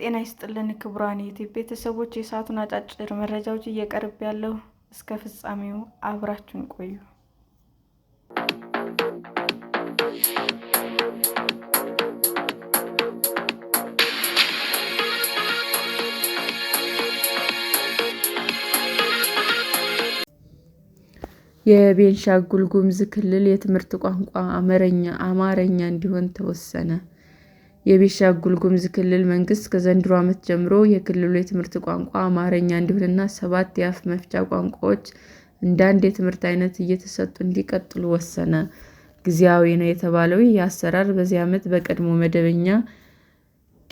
ጤና ይስጥልን ክቡራን ዩቲዩብ ቤተሰቦች፣ የሰዓቱን አጫጭር መረጃዎች እየቀርብ ያለው እስከ ፍጻሜው አብራችሁን ቆዩ። የቤንሻንጉል ጉሙዝ ክልል የትምህርት ቋንቋ አማርኛ እንዲሆን ተወሰነ። የቤኒሻንጉል ጉሙዝ ክልል መንግስት ከዘንድሮ ዓመት ጀምሮ የክልሉ የትምህርት ቋንቋ አማርኛ እንዲሆንና ሰባት የአፍ መፍቻ ቋንቋዎች እንደ አንድ የትምህርት ዓይነት እየተሰጡ እንዲቀጥሉ ወሰነ። ጊዜያዊ ነው የተባለው ይህ አሰራር በዚህ ዓመት በቀድሞ መደበኛ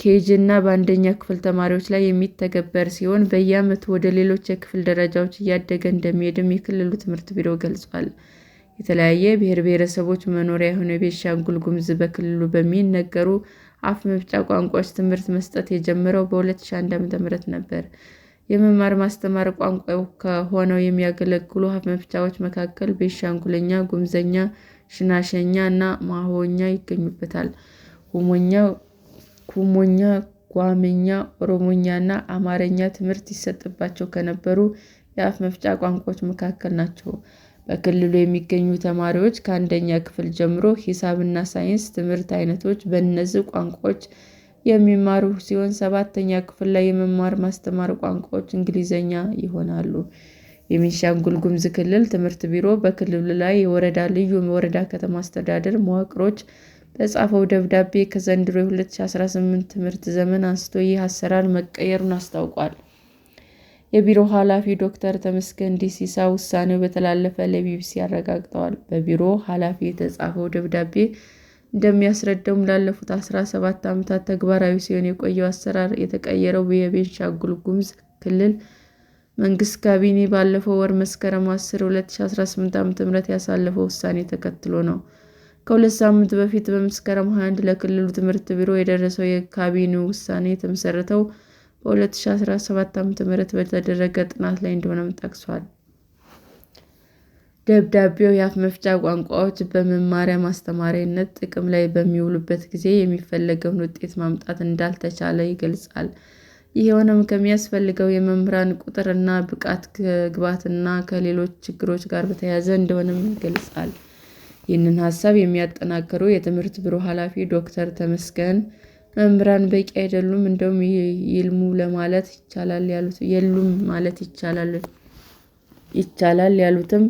ከኬጂ እና በአንደኛ ክፍል ተማሪዎች ላይ የሚተገበር ሲሆን በየዓመቱ ወደ ሌሎች የክፍል ደረጃዎች እያደገ እንደሚሄድም የክልሉ ትምህርት ቢሮ ገልጿል። የተለያየ ብሔር ብሔረሰቦች መኖሪያ የቤት ሻንጉል ጉሙዝ በክልሉ በሚነገሩ አፍ መፍቻ ቋንቋዎች ትምህርት መስጠት የጀመረው በ2001 ዓ.ም ነበር። የመማር ማስተማር ቋንቋ ከሆነው የሚያገለግሉ አፍ መፍቻዎች መካከል ቤኒሻንጉልኛ፣ ጉምዘኛ፣ ሽናሸኛ እና ማሆኛ ይገኙበታል። ኩሞኛ፣ ጓምኛ፣ ኦሮሞኛ እና አማርኛ ትምህርት ይሰጥባቸው ከነበሩ የአፍ መፍጫ ቋንቋዎች መካከል ናቸው። በክልሉ የሚገኙ ተማሪዎች ከአንደኛ ክፍል ጀምሮ ሂሳብና ሳይንስ ትምህርት አይነቶች በእነዚህ ቋንቋዎች የሚማሩ ሲሆን ሰባተኛ ክፍል ላይ የመማር ማስተማር ቋንቋዎች እንግሊዝኛ ይሆናሉ። የቤኒሻንጉል ጉሙዝ ክልል ትምህርት ቢሮ በክልሉ ላይ የወረዳ ልዩ ወረዳ ከተማ አስተዳደር መዋቅሮች በጻፈው ደብዳቤ ከዘንድሮ የ2018 ትምህርት ዘመን አንስቶ ይህ አሰራር መቀየሩን አስታውቋል። የቢሮ ኃላፊ ዶክተር ተመስገን ዲሲሳ ውሳኔው በተላለፈ ለቢቢሲ አረጋግጠዋል። በቢሮው ኃላፊ የተጻፈው ደብዳቤ እንደሚያስረዳውም ላለፉት 17 ዓመታት ተግባራዊ ሲሆን የቆየው አሰራር የተቀየረው የቤንሻንጉል ጉሙዝ ክልል መንግስት ካቢኔ ባለፈው ወር መስከረም 10 2018 ዓ.ም ያሳለፈው ውሳኔ ተከትሎ ነው። ከሁለት ሳምንት በፊት በመስከረም 21 ለክልሉ ትምህርት ቢሮ የደረሰው የካቢኔ ውሳኔ የተመሰረተው በ2017 ዓ.ም በተደረገ ጥናት ላይ እንደሆነም ጠቅሷል። ደብዳቤው የአፍ መፍቻ ቋንቋዎች በመማሪያ ማስተማሪያነት ጥቅም ላይ በሚውሉበት ጊዜ የሚፈለገውን ውጤት ማምጣት እንዳልተቻለ ይገልጻል። ይህ የሆነም ከሚያስፈልገው የመምህራን ቁጥር እና ብቃት ግባትና ከሌሎች ችግሮች ጋር በተያያዘ እንደሆነም ይገልጻል። ይህንን ሀሳብ የሚያጠናክሩ የትምህርት ቢሮ ኃላፊ ዶክተር ተመስገን መምህራን በቂ አይደሉም እንደውም ይልሙ ለማለት ይቻላል ያሉት የሉም ማለት ይቻላል ይቻላል ያሉትም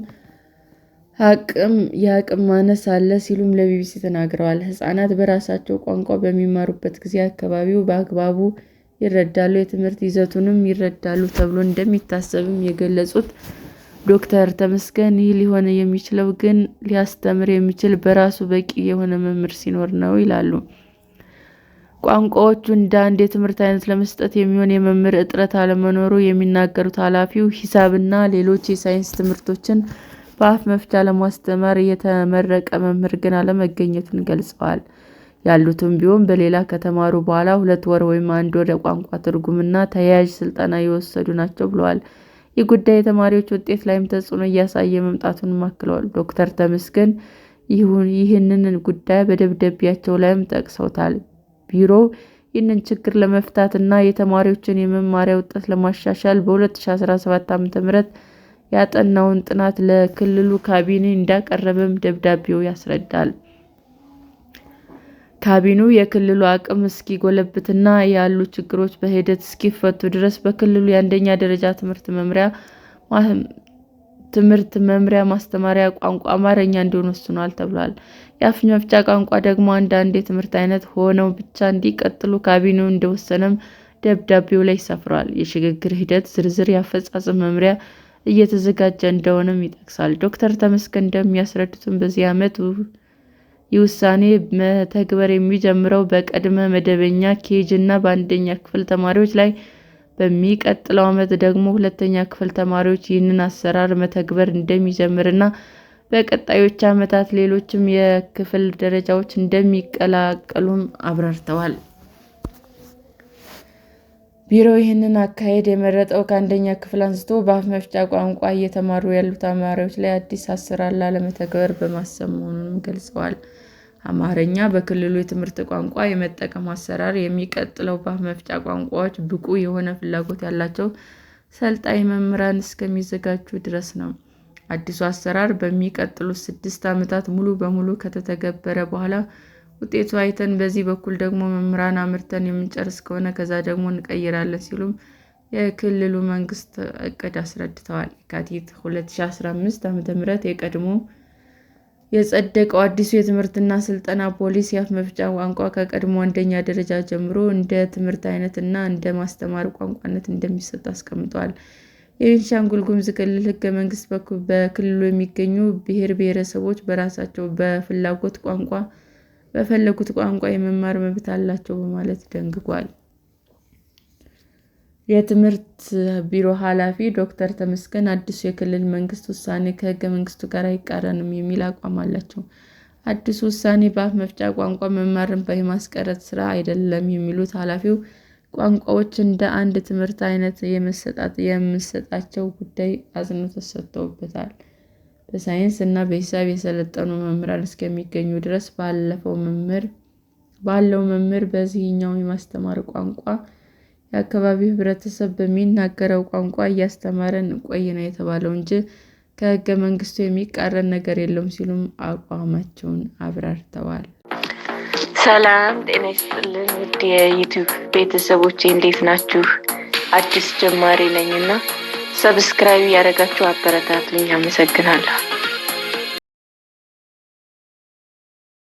አቅም የአቅም ማነስ አለ ሲሉም ለቢቢሲ ተናግረዋል። ህፃናት በራሳቸው ቋንቋ በሚማሩበት ጊዜ አካባቢው በአግባቡ ይረዳሉ፣ የትምህርት ይዘቱንም ይረዳሉ ተብሎ እንደሚታሰብም የገለጹት ዶክተር ተመስገን ይህ ሊሆን የሚችለው ግን ሊያስተምር የሚችል በራሱ በቂ የሆነ መምህር ሲኖር ነው ይላሉ። ቋንቋዎቹ እንደ አንድ የትምህርት አይነት ለመስጠት የሚሆን የመምህር እጥረት አለመኖሩ የሚናገሩት ኃላፊው፣ ሂሳብና ሌሎች የሳይንስ ትምህርቶችን በአፍ መፍቻ ለማስተማር የተመረቀ መምህር ግን አለመገኘቱን ገልጸዋል። ያሉትም ቢሆን በሌላ ከተማሩ በኋላ ሁለት ወር ወይም አንድ ወር ቋንቋ ትርጉምና ተያያዥ ስልጠና የወሰዱ ናቸው ብለዋል። ይህ ጉዳይ የተማሪዎች ውጤት ላይም ተጽዕኖ እያሳየ መምጣቱን አክለዋል። ዶክተር ተመስገን ይህንን ጉዳይ በደብዳቤያቸው ላይም ጠቅሰውታል። ቢሮ ይህንን ችግር ለመፍታትና የተማሪዎችን የመማሪያ ውጤት ለማሻሻል በ2017 ዓ.ም ያጠናውን ጥናት ለክልሉ ካቢኔ እንዳቀረበም ደብዳቤው ያስረዳል። ካቢኔው የክልሉ አቅም እስኪጎለብትና ያሉ ችግሮች በሂደት እስኪፈቱ ድረስ በክልሉ የአንደኛ ደረጃ ትምህርት መምሪያ ትምህርት መምሪያ ማስተማሪያ ቋንቋ አማርኛ እንዲሆን ወስኗል ተብሏል። የአፍ መፍቻ ቋንቋ ደግሞ አንዳንድ የትምህርት አይነት ሆነው ብቻ እንዲቀጥሉ ካቢኔው እንደወሰነም ደብዳቤው ላይ ሰፍሯል። የሽግግር ሂደት ዝርዝር የአፈጻጸም መምሪያ እየተዘጋጀ እንደሆነም ይጠቅሳል። ዶክተር ተመስገን እንደሚያስረዱትም በዚህ ዓመት የውሳኔ መተግበር የሚጀምረው በቅድመ መደበኛ ኬጅ እና በአንደኛ ክፍል ተማሪዎች ላይ በሚቀጥለው ዓመት ደግሞ ሁለተኛ ክፍል ተማሪዎች ይህንን አሰራር መተግበር እንደሚጀምርና በቀጣዮች ዓመታት ሌሎችም የክፍል ደረጃዎች እንደሚቀላቀሉም አብራርተዋል። ቢሮው ይህንን አካሄድ የመረጠው ከአንደኛ ክፍል አንስቶ በአፍ መፍቻ ቋንቋ እየተማሩ ያሉ ተማሪዎች ላይ አዲስ አሰራር ላለመተግበር በማሰብ መሆኑንም ገልጸዋል። አማርኛ በክልሉ የትምህርት ቋንቋ የመጠቀም አሰራር የሚቀጥለው በአፍ መፍጫ ቋንቋዎች ብቁ የሆነ ፍላጎት ያላቸው ሰልጣኝ መምህራን እስከሚዘጋጁ ድረስ ነው። አዲሱ አሰራር በሚቀጥሉት ስድስት ዓመታት ሙሉ በሙሉ ከተተገበረ በኋላ ውጤቱ አይተን በዚህ በኩል ደግሞ መምህራን አምርተን የምንጨርስ ከሆነ ከዛ ደግሞ እንቀይራለን ሲሉም የክልሉ መንግስት እቅድ አስረድተዋል። የካቲት 2015 ዓ.ም የቀድሞ የጸደቀው አዲሱ የትምህርትና ስልጠና ፖሊሲ የአፍ መፍቻ ቋንቋ ከቀድሞ አንደኛ ደረጃ ጀምሮ እንደ ትምህርት አይነትና እንደ ማስተማር ቋንቋነት እንደሚሰጥ አስቀምጧል። የቤንሻንጉል ጉሙዝ ክልል መንግስት በኩል በክልሉ የሚገኙ ብሔር ብሔረሰቦች በራሳቸው በፍላጎት ቋንቋ በፈለጉት ቋንቋ የመማር መብት አላቸው በማለት ደንግጓል። የትምህርት ቢሮ ኃላፊ ዶክተር ተመስገን አዲሱ የክልል መንግስት ውሳኔ ከህገ መንግስቱ ጋር አይቃረንም የሚል አቋም አላቸው። አዲሱ ውሳኔ በአፍ መፍጫ ቋንቋ መማርን የማስቀረት ስራ አይደለም የሚሉት ኃላፊው፣ ቋንቋዎች እንደ አንድ ትምህርት የመሰጣት የምሰጣቸው ጉዳይ አጽንዖት ሰጥተውበታል። በሳይንስ እና በሂሳብ የሰለጠኑ መምህራን እስከሚገኙ ድረስ ባለው መምህር በዚህኛው የማስተማር ቋንቋ የአካባቢው ህብረተሰብ በሚናገረው ቋንቋ እያስተማረን እንቆይ ነው የተባለው እንጂ ከህገ መንግስቱ የሚቃረን ነገር የለውም ሲሉም አቋማቸውን አብራርተዋል። ሰላም ጤና ይስጥልን ውድ የዩቱብ ቤተሰቦች እንዴት ናችሁ? አዲስ ጀማሪ ነኝና ሰብስክራይብ ያደረጋችሁ አበረታቱኝ። አመሰግናለሁ።